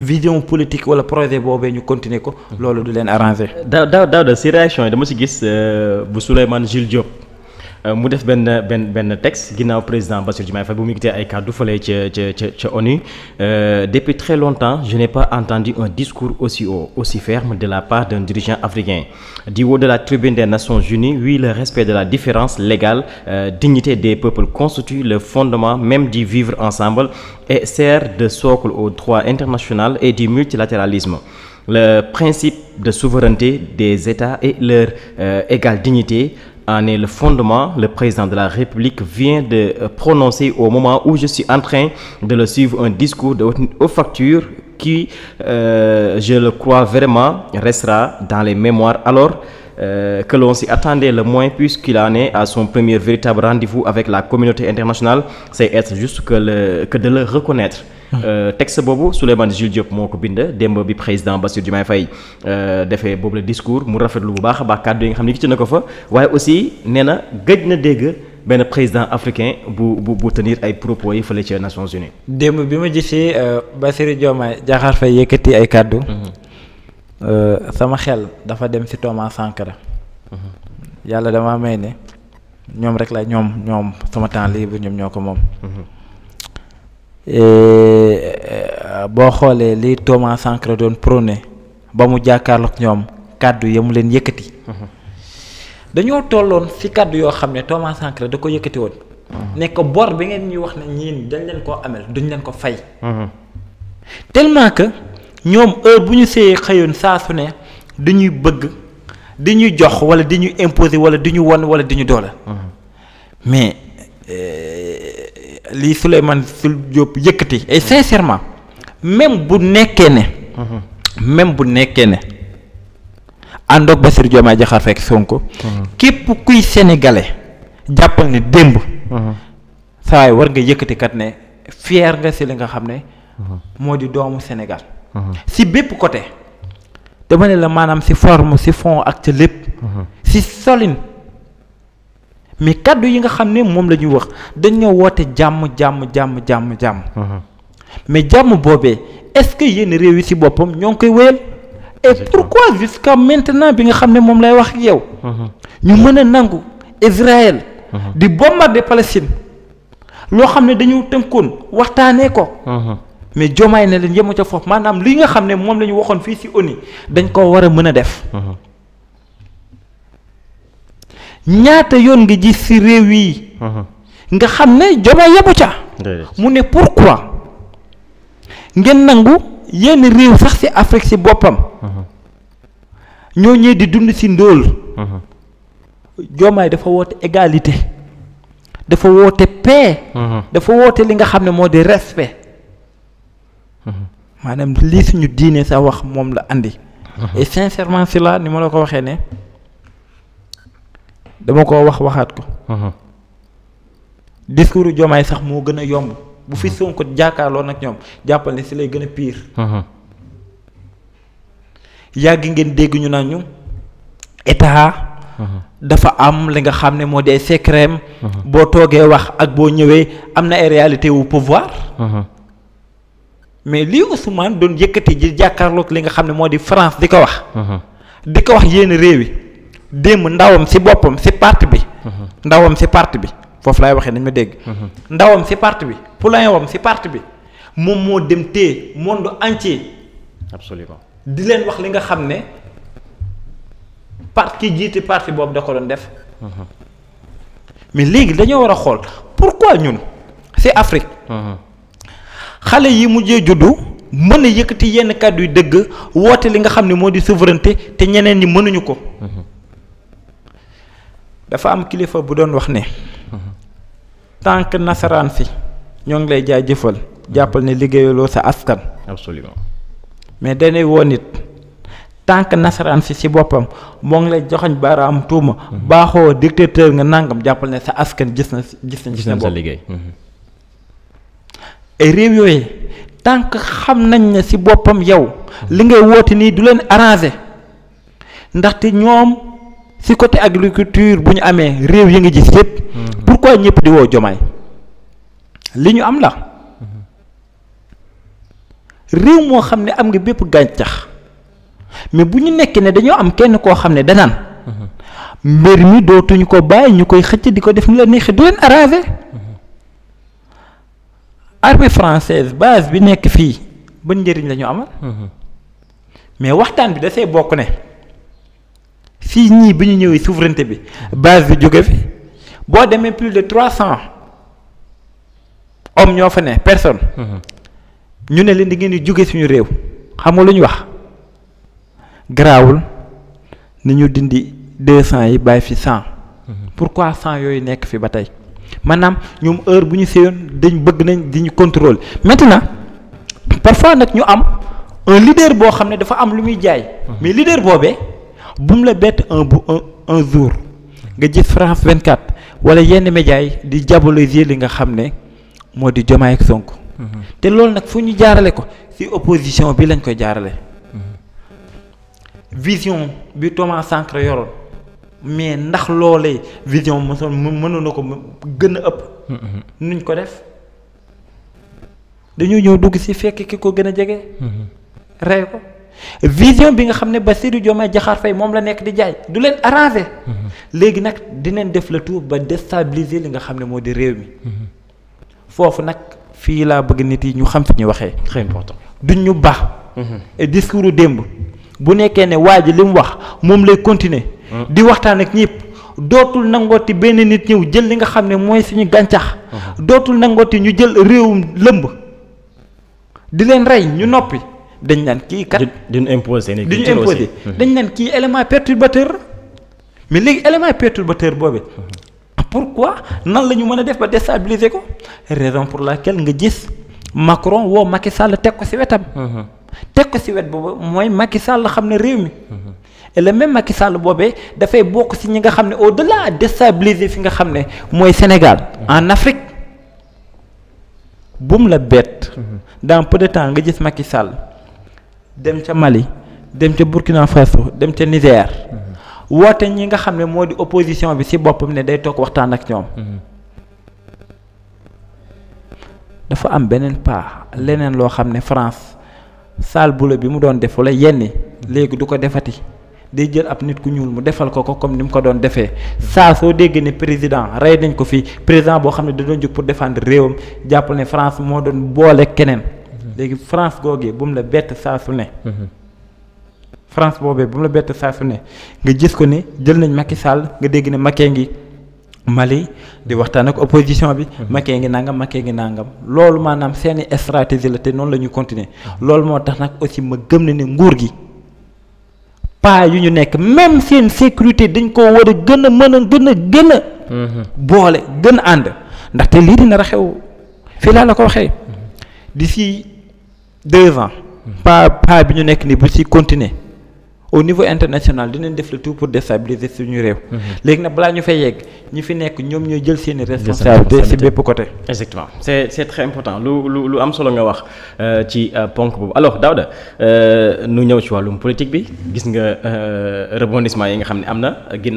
vision politique wala projet boobee ñu continuer ko. Mm-hmm. loolu du leen arranger. daaw daaw daaw da si réaction yi dama si gis euh, bu Souleymane Jules Diop. Euh, mu def benn benn benn texte ginnaaw président Bassirou Diomaye Faye bu mu yëkkatee ay kàddu fële ca ca ca ca ONU euh, depuis très longtemps je n'ai pas entendu un discours aussi haut aussi ferme de la part d'un dirigeant africain du haut de la tribune des Nations Unies oui le respect de la différence légale euh, dignité des peuples constitue le fondement même di vivre ensemble et sert de socle au droit international et du multilatéralisme le principe de souveraineté des États et leur euh, égale dignité en est le fondement. Le président de la République vient de euh, prononcer au moment où je suis en de le suivre un discours de haute facture qui, euh, je le crois vraiment, restera dans les mémoires alors euh, que l'on s'y attendait le moins puisqu'il en est à son premier véritable rendez-vous avec la communauté internationale. C'est être juste que, le, que de le reconnaître. Euh, teg sa boobu Souleymane Jules Diop moo ko bind démb bi président Bassirou Diomaye Faye euh, defee boobu la discours mu rafetlu bu baax a baax kàddu yi nga xam ne ci na ko fa waaye aussi nee na gëj na dégg benn président africain bu bu bu tenir ay propos yi fële ci Nations Unies. démb bi ma gisee euh, Bassirou Diomaye Diakhar Faye yëkkati ay kàddu. Mhm. sama xel dafa dem ci Thomas Sankara. Mhm. yàlla damaa may ne ñoom rek la ñoom ñoom sama temps libre ñoom ñoo ko moom. Mhm. Euh, boo xoolee li Thomas Sankara doon prôné ba mu jàkkaarloog ñoom kàddu ya mu leen yëkkati. dañoo tolloon fi kàddu yoo xam ne Thomas Sankara da ko yëkkati woon. ne ko bor bi ngeen ñuy wax na ñiin dañ leen koo amel duñ leen ko fay. tellement que ñoom heure bu ñu seeyee xëyoon saa su ne di ñuy bëgg di ñuy jox wala di ñu imposer wala di ñu won wala di ñu doole mais. Euh, li Souleymane Sul Diop yëkkati et sincèrement même bu nekkee ne. même bu nekkee ne ànd ak Bassirou Diomaye Diakhar Faye ak képp kuy sénégalais jàppal ne démb. saa yi war nga yëkkati kat ne fier nga si li nga xam ne. moo di doomu Sénégal. si bépp côté. dama ne la maanaam si forme si fond ak ca lépp. si solin. mais kàddu yi nga xam ne moom la ñuy wax dañoo woote jàmm jàmm jàmm jàmm jàmm. Uh-huh. mais jàmm boobee est-ce que yéen réew yi ci boppam ñoo ngi koy wéyal. et pourquoi jusqu'à maintenant bi nga xam ne moom lay wax ak yow. Uh-huh. ñu mën a nangu Israël. Uh-huh. di bombarder Palestine. loo xam ne dañu tënkoon waxtaanee ko. mais jomaay na leen yemu ca foofu maanaam li nga xam ne moom la ñu waxoon fii ci ONU dañ ko war a mën a def. ñaata yoon nga gis ci réew yi. Uh-huh. nga xam ne Diomaye yebu ca. mu ne pourquoi ngeen nangu yenn réew sax ci Afrique ci boppam. Uh-huh. ñoo ñee di dund ci ndóol. Diomaye uh-huh. dafa woote égalité. dafa woote paix. dafa woote li nga xam ne moo di respect. maanaam li suñu diine sa wax moom la indi et sincèrement si la ni ma la ko waxee ne. dama ko wax waxaat ko. Uh-huh. discours Diomaye sax moo gën a yomb. bu fi uh-huh. Sonko jàkkaarloo nag ñoom jàppal ne si lay gën a piir uh-huh. yàgg ngeen dégg ñu naan ñu dafa am li nga xam ne moo di ay secret boo toogee wax ak boo ñëwee am na ay réalité wu pouvoir. mais lii Ousmane doon yëkkati ji jàkkaarloog li nga xam ne moo di France di ko wax. di ko wax yéen réew yi démb ndawam si boppam si parti bi. Mhm. ndawam si parti bi foofu lay waxee nañ ma dégg. Mhm. ndawam si part bi poulain wam si parti bi moom moo dem téye monde entier. absolument di leen wax li nga xam ne parti ki jiite parti boobu da ko doon def. Mhm. mais léegi dañoo war a xool pourquoi ñun si Afrique. xale yi mujjee juddu mën a yëkkati yenn kàddu yi dëgg woote li nga xam ne moo di souveraineté te ñeneen ñi mënuñu ko. dafa am kilifa bu doon wax ne tànk nasaraan si ñoo ngi lay jëfal jàppal ne liggéeyaloo sa askan. absolument mais dañuy woon it tànk nasaraan si si boppam moo ngi lay joxoñ baraam tuuma. Mhm. baaxoo dictateur nga nàngam jàppal ne sa askan gis na gis nañ. gis nañ sa liggéey ay mhm. réew yooyu tànk xam nañ ne si boppam yow mhm. li ngay woote nii du leen arrangé ndaxte ñoom. si côté agriculture bu ñu amee réew yi nga gis yëpp. Mhm. pourquoi ñëpp di woo jomaay li ñu am la mhm. réew moo xam ne am nga bépp gàncax mais bu ñu nekkee ne dañoo am kenn koo xam ne danaan mhm. mbir mi dootuñu ko bàyyi ñu koy xëcc di ko def ni la neexee du leen arrangé armée française base bi nekk fii ban njëriñ la ñu amal mais waxtaan bi dafay bokk ne. fii ñii bi ñu ñëwee souveraineté bi base bi jóge fi boo demee plus de trois cent hommes ñoo fa ne personne mm-hmm. ñu ne leen di ngeen di jóge suñu réew xam nga lu ñu wax garaawul ni ñu dindi deux cent yi bàyyi fi cent mm-hmm. pourquoi cent yooyu nekk fi ba tey maanaam ñoom heure bu ñu séyoon dañ bëgg nañ di ñu contrôle maintenant parfois nag ñu am un leader boo xam ne dafa am lu muy jaay mm-hmm. mais leader boobee bu mu la bett un bu un jour nga gis France 24 wala yenn médias yi di diaboliser li nga xam ne moo di Diomaye ak Sonko mhm. te loolu nag fu ñu jaarale ko ci opposition bi lañ koy jaarale mhm. vision bi Thomas Sankara yoroon mais ndax loolee vision mosoon mënoon na ko gën a ëpp mhm. nuñ ko def dañoo ñëw dugg ci fekk ki ko gën a jege rey ko vision bi nga xam ne Bassirou Diomaye Diakhar Faye moom la nekk di jaay du leen arrangé. Mhm. léegi nag di leen def le tout ba déstabiliser li nga xam ne moo di réew mi. Mhm. foofu nag fii laa bëgg nit yi ñu xam fi ñu waxee. très duñ ñu baax. Mhm. discours démb bu nekkee ne waa ji li wax moom lay continuer. di waxtaan ak ñëpp dootul nangooti benn nit ñëw jël li nga xam ne mooy suñu gàncax. dootul nangooti ñu jël réewum lëmb di leen rey ñu noppi. dañ naan kii kat. duñ imposé ni duñ imposé mhm. dañ naan kii élément perturbateur mais léegi élément perturbateur boobu. Mhm. Ah, pourquoi nan la ñu mën a def ba déstabiliser ko raison pour la laquelle nga gis Macron woo Macky sàll teg ko ci wetam. Mhm. teg ko ci wet boobu mooy Macky Sall xam ne réew mi. et le même Sall boobee dafay bokk ci ñi nga xam ne au delà déstabiliser fi nga xam ne mooy Sénégal en Afrique bum la bett. dans peu de temps nga gis Macky Sall. dem ca Mali dem ca Burkina Faso dem ca Niger mm-hmm. woote ñi nga xam ne moo di opposition bi ci boppam ne day toog waxtaan ak ñoom. Mm-hmm. dafa am beneen pas leneen loo xam ne France sale boulot bi mu doon def wala yenni mm-hmm. léegi du ko defati day jël ab nit ku ñuul mu defal ko ko comme ni mu ko doon defee saa soo dégg ne président rey nañ ko fii président boo xam ne da doon jóg pour défendre réewam jàpp ne France moo doon boole keneen. léegi France googee bu mu la bett saa su ne. Mhm. France boobee bu mu la bett saa su ne nga gis ko ne jël nañ Macky Sall nga dégg ne Macky ngi Mali di waxtaan ak opposition bi. Mhm. Macky ngi nangam Macky ngi nangam loolu maanaam seeni stratégie la te noonu la ñu continuer mhm. loolu moo tax nag aussi ma gëm na ni nguur gi. paa yu ñu nekk même seen sécurité dañ ko war a gën a mën a gën a gën a boole gën a ànd ndaxte lii dina raxew fii laa la ko waxee d'ici deux ans. pas pas bi ñu nekk ni bu ci continuer au niveau international dinañ def le tout pour déstabiliser suñu réew. Mhm. léegi na balaa ñu fay yegg ñu fi nekk ñoom ñooy jël seeni responsabilité ci bépp côté. exactement c' est très important lu lu lu am solo nga wax euh, ci euh, ponk boobu alors Daouda euh, nu ñëw ci wàllum politique bi gis nga rebondissement yi nga xam ne am na ginnaaw